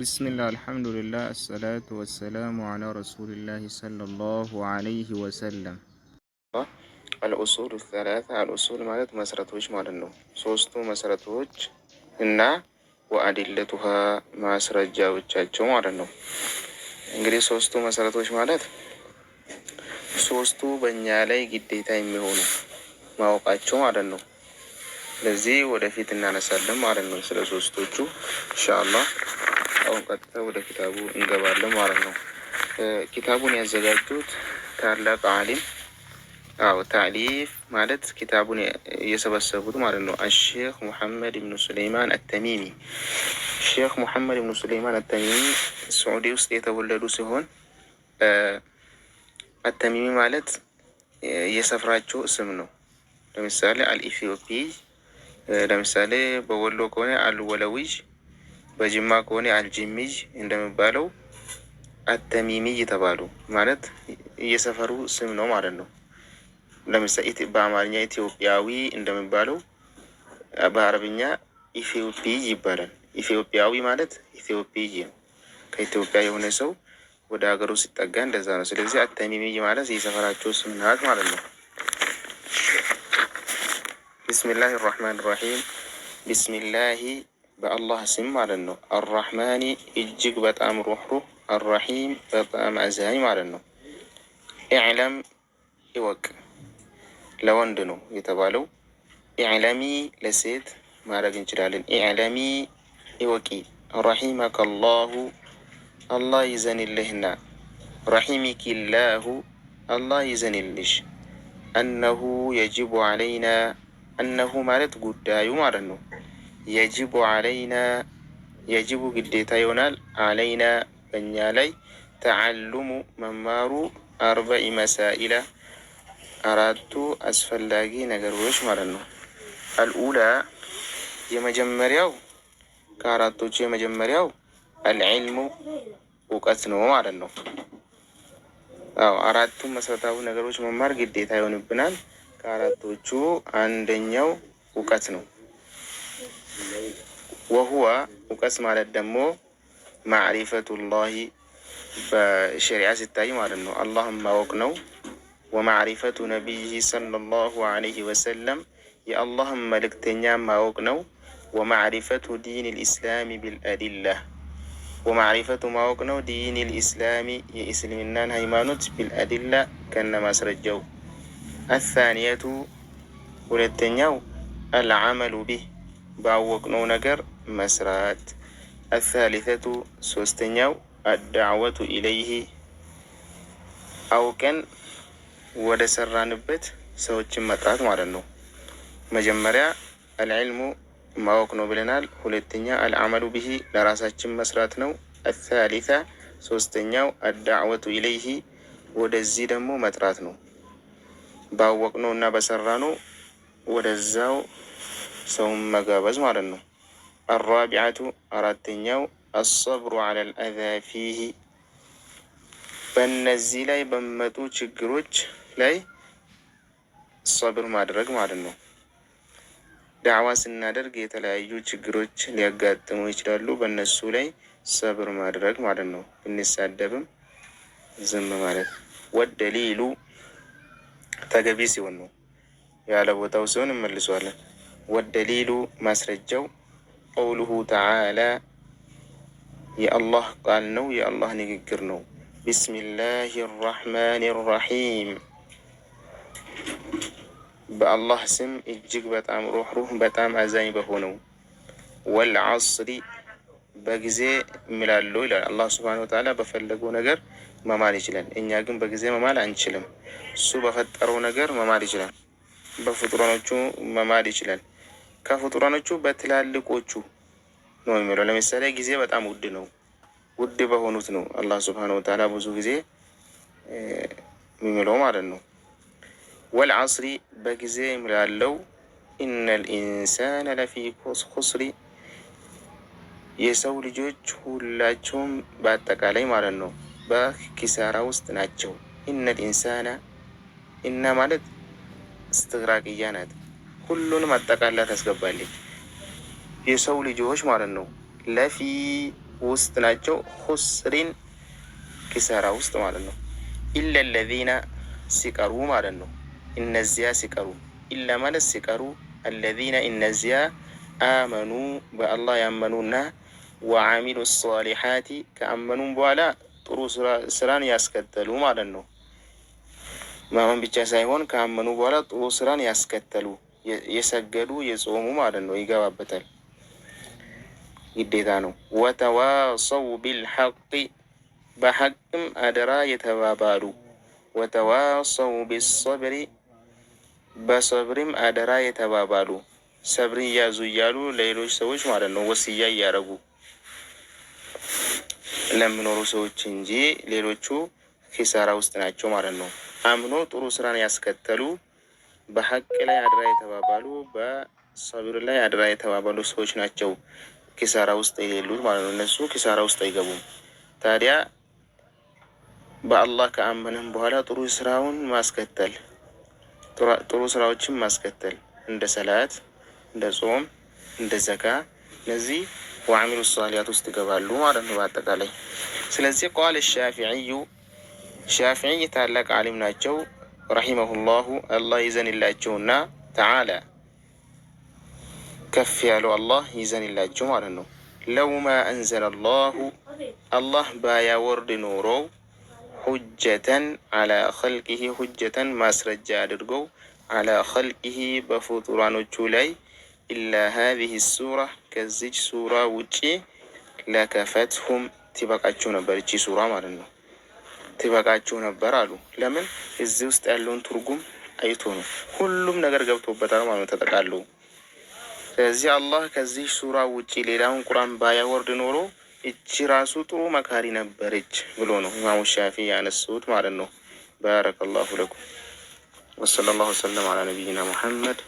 ቢስሚላህ አልሐምዱሊላህ አሰላቱ ወሰላሙ አላ ረሱሊላህ ሰለላሁ አለይህ ወሰለም። አልኡሱል ሰላሳ አልኡሱል ማለት መሰረቶች ማለት ነው። ሶስቱ መሰረቶች እና ወአዲለቱሃ ማስረጃዎቻቸው ማለት ነው። እንግዲህ ሶስቱ መሰረቶች ማለት ሶስቱ በእኛ ላይ ግዴታ የሚሆኑ ማወቃቸው ማለት ነው። ስለዚህ ወደፊት እናነሳለን ማለት ነው። ስለ ሶስቶቹ እንሻላ አሁን ቀጥታ ወደ ኪታቡ እንገባለን ማለት ነው። ኪታቡን ያዘጋጁት ታላቅ አሊም አዎ፣ ታሊፍ ማለት ኪታቡን የሰበሰቡት ማለት ነው። አሼክ ሙሐመድ ብኑ ሱሌይማን አተሚሚ ሼክ ሙሐመድ ብኑ ሱሌይማን አተሚሚ ስዑዲ ውስጥ የተወለዱ ሲሆን አተሚሚ ማለት የሰፍራቸው ስም ነው። ለምሳሌ አልኢትዮጵይ ለምሳሌ በወሎ ከሆነ አልወለዊጅ፣ በጅማ ከሆነ አልጂሚጅ እንደሚባለው አተሚሚጅ ተባሉ ማለት እየሰፈሩ ስም ነው ማለት ነው። ለምሳሌ በአማርኛ ኢትዮጵያዊ እንደሚባለው በአረብኛ ኢትዮጵይጅ ይባላል። ኢትዮጵያዊ ማለት ኢትዮጵይጅ ነው። ከኢትዮጵያ የሆነ ሰው ወደ ሀገሩ ሲጠጋ እንደዛ ነው። ስለዚህ አተሚሚጅ ማለት የሰፈራቸው ስም ናት ማለት ነው። ቢስሚላህ ራህማን ራሂም ቢስሚላሂ በአላህ ስም ማለት ነው። አራህማኒ እጅግ በጣም ሩህሩህ፣ አራሂም በጣም አዛኝ ማለት ነው። ኢዕለም ይወቅ ለወንድ ነው የተባለው። ኢዕለሚ ለሴት ማድረግ እንችላለን። ኢዕለሚ ይወቂ ረሒመከ ላሁ አላህ ይዘንልህና ረሒሚኪ ላሁ አላህ ይዘንልሽ አነሁ የጅቡ ዓለይና እነሁ ማለት ጉዳዩ ማለት ነው። የጅቡ አለይና የጅቡ ግዴታ ይሆናል። አለይና በእኛ ላይ ተዓሉሙ መማሩ አርበኢ መሳኢላ አራቱ አስፈላጊ ነገሮች ማለት ነው። አልኡላ የመጀመሪያው ከአራቶቹ የመጀመሪያው አልዕልሙ እውቀት ነው ማለት ነው። አዎ አራቱም መሰረታዊ ነገሮች መማር ግዴታ ይሆንብናል። ከአራቶቹ አንደኛው እውቀት ነው። ወሁዋ እውቀት ማለት ደግሞ ማዕሪፈቱላሂ በሸሪዓ ሲታይ ማለት ነው አላህም ማወቅ ነው። ወማዕሪፈቱ ነቢይህ ሰለላሁ አለይህ ወሰለም የአላህም መልእክተኛ ማወቅ ነው። ወማዕሪፈቱ ዲን ልእስላሚ ቢልአዲላ ወማዕሪፈቱ ማወቅ ነው። ዲን ልእስላሚ የእስልምናን ሃይማኖት ቢልአዲላ ከነ ማስረጃው አሳኒየቱ ሁለተኛው አልዓመሉ ቢህ ባወቅነው ነገር መስራት። አሳሊሰቱ ሶስተኛው አዳዕወቱ ኢለይህ አውቀን ወደ ሰራንበት ሰዎችን መጥራት ማለት ነው። መጀመሪያ አልዕልሙ ማወቅ ነው ብለናል። ሁለተኛ አልዓመሉ ብሂ ለራሳችን መስራት ነው። አታሊታ ሶስተኛው አዳዕወቱ ኢለይህ ወደዚህ ደግሞ መጥራት ነው። ባወቅ ነው እና በሰራ ነው ወደዛው ሰውን መጋበዝ ማለት ነው። አራቢዓቱ አራተኛው አሰብሩ አለል አዛ ፊሂ በእነዚህ ላይ በመጡ ችግሮች ላይ ሰብር ማድረግ ማለት ነው። ዳዕዋ ስናደርግ የተለያዩ ችግሮች ሊያጋጥሙ ይችላሉ። በእነሱ ላይ ሰብር ማድረግ ማለት ነው። ብንሳደብም ዝም ማለት ወደሊሉ ተገቢ ሲሆን ነው። ያለ ቦታው ሲሆን እመልሷለን። ወደሊሉ ማስረጃው ቀውሉሁ ተዓላ የአላህ ቃል ነው፣ የአላህ ንግግር ነው። ቢስሚላህ ራሕማን ራሒም በአላህ ስም እጅግ በጣም ሩህሩህ በጣም አዛኝ በሆነው ወልዐስሪ በጊዜ ሚላሉ ይላል አላህ ስብሃነሁ ወተዓላ በፈለገው ነገር መማል ይችላል። እኛ ግን በጊዜ መማል አንችልም። እሱ በፈጠረው ነገር መማል ይችላል። በፍጡራኖቹ መማል ይችላል። ከፍጡራኖቹ በትላልቆቹ ነው የሚለው። ለምሳሌ ጊዜ በጣም ውድ ነው። ውድ በሆኑት ነው አላህ ስብሃነሁ ወተዓላ ብዙ ጊዜ የሚለው ማለት ነው። ወልዐስሪ በጊዜ የሚላለው ኢነል ኢንሳነ ለፊ ኹስሪ የሰው ልጆች ሁላቸውም በአጠቃላይ ማለት ነው በኪሳራ ውስጥ ናቸው። ኢነል ኢንሳና እና ማለት ስትግራቅያ ናት። ሁሉንም አጠቃላ ታስገባለች። የሰው ልጆች ማለት ነው ለፊ ውስጥ ናቸው። ሁስሪን ኪሳራ ውስጥ ማለት ነው። ኢለ ለዚና ሲቀሩ ማለት ነው። እነዚያ ሲቀሩ ኢላ ማለት ሲቀሩ አለዚና እነዚያ አመኑ በአላህ ያመኑና ወአሚሉ ሷሊሓቲ ከአመኑም በኋላ ጥሩ ስራን ያስከተሉ ማለት ነው። ማመን ብቻ ሳይሆን ከአመኑ በኋላ ጥሩ ስራን ያስከተሉ የሰገዱ፣ የጾሙ ማለት ነው። ይገባበታል፣ ግዴታ ነው። ወተዋሰው ቢልሐቂ በሐቅም አደራ የተባባሉ ወተዋሰው ቢሰብሪ በሰብሪም አደራ የተባባሉ ሰብር ያዙ እያሉ ለሌሎች ሰዎች ማለት ነው ወስያ እያደረጉ ለሚኖሩ ሰዎች እንጂ ሌሎቹ ኪሳራ ውስጥ ናቸው ማለት ነው። አምኖ ጥሩ ስራን ያስከተሉ፣ በሀቅ ላይ አድራ የተባባሉ፣ በሰብር ላይ አድራ የተባባሉ ሰዎች ናቸው ኪሳራ ውስጥ የሌሉት ማለት ነው። እነሱ ኪሳራ ውስጥ አይገቡም። ታዲያ በአላህ ከአመንም በኋላ ጥሩ ስራውን ማስከተል ጥሩ ስራዎችን ማስከተል እንደ ሰላት፣ እንደ ጾም፣ እንደ ዘካ እነዚህ ወአሚሉ ሷሊያት ውስጥ ይገባሉ ማለት ነው በአጠቃላይ። ስለዚህ ቃል ሻፊዕዩ ሻፊዕይ ታላቅ አሊም ናቸው ረሂመሁላሁ አላህ ይዘንላቸውና ተዓላ ከፍ ያለው አላህ ይዘንላቸው ማለት ነው። ለውማ አንዘለ አላሁ አላህ ባያወርድ ኖሮ ሁጀተን አላ ኸልቂሂ ሁጀተን ማስረጃ አድርገው አላ ኸልቂሂ በፍጡራኖቹ ላይ ኢላ ሀዚህ ሱራ ከዚች ሱራ ውጪ ለከፈትሁም ትበቃችሁ ነበር። እቺ ሱራ ማለት ነው ትበቃችሁ ነበር አሉ። ለምን እዚህ ውስጥ ያለውን ትርጉም አይቶ ነው። ሁሉም ነገር ገብቶበታል ማለት ነው ተጠቃሎ። ስለዚህ አላህ ከዚህ ሱራ ውጪ ሌላውን ቁርአን ባያወርድ ኖሮ እቺ ራሱ ጥሩ መካሪ ነበረች ብሎ ነው ኢማሙ ሻፊ ያነሱት ማለት ነው። ባረከላሁ ለኩም ወሰለ ወሰለም አላ ነቢይና ሙሐመድ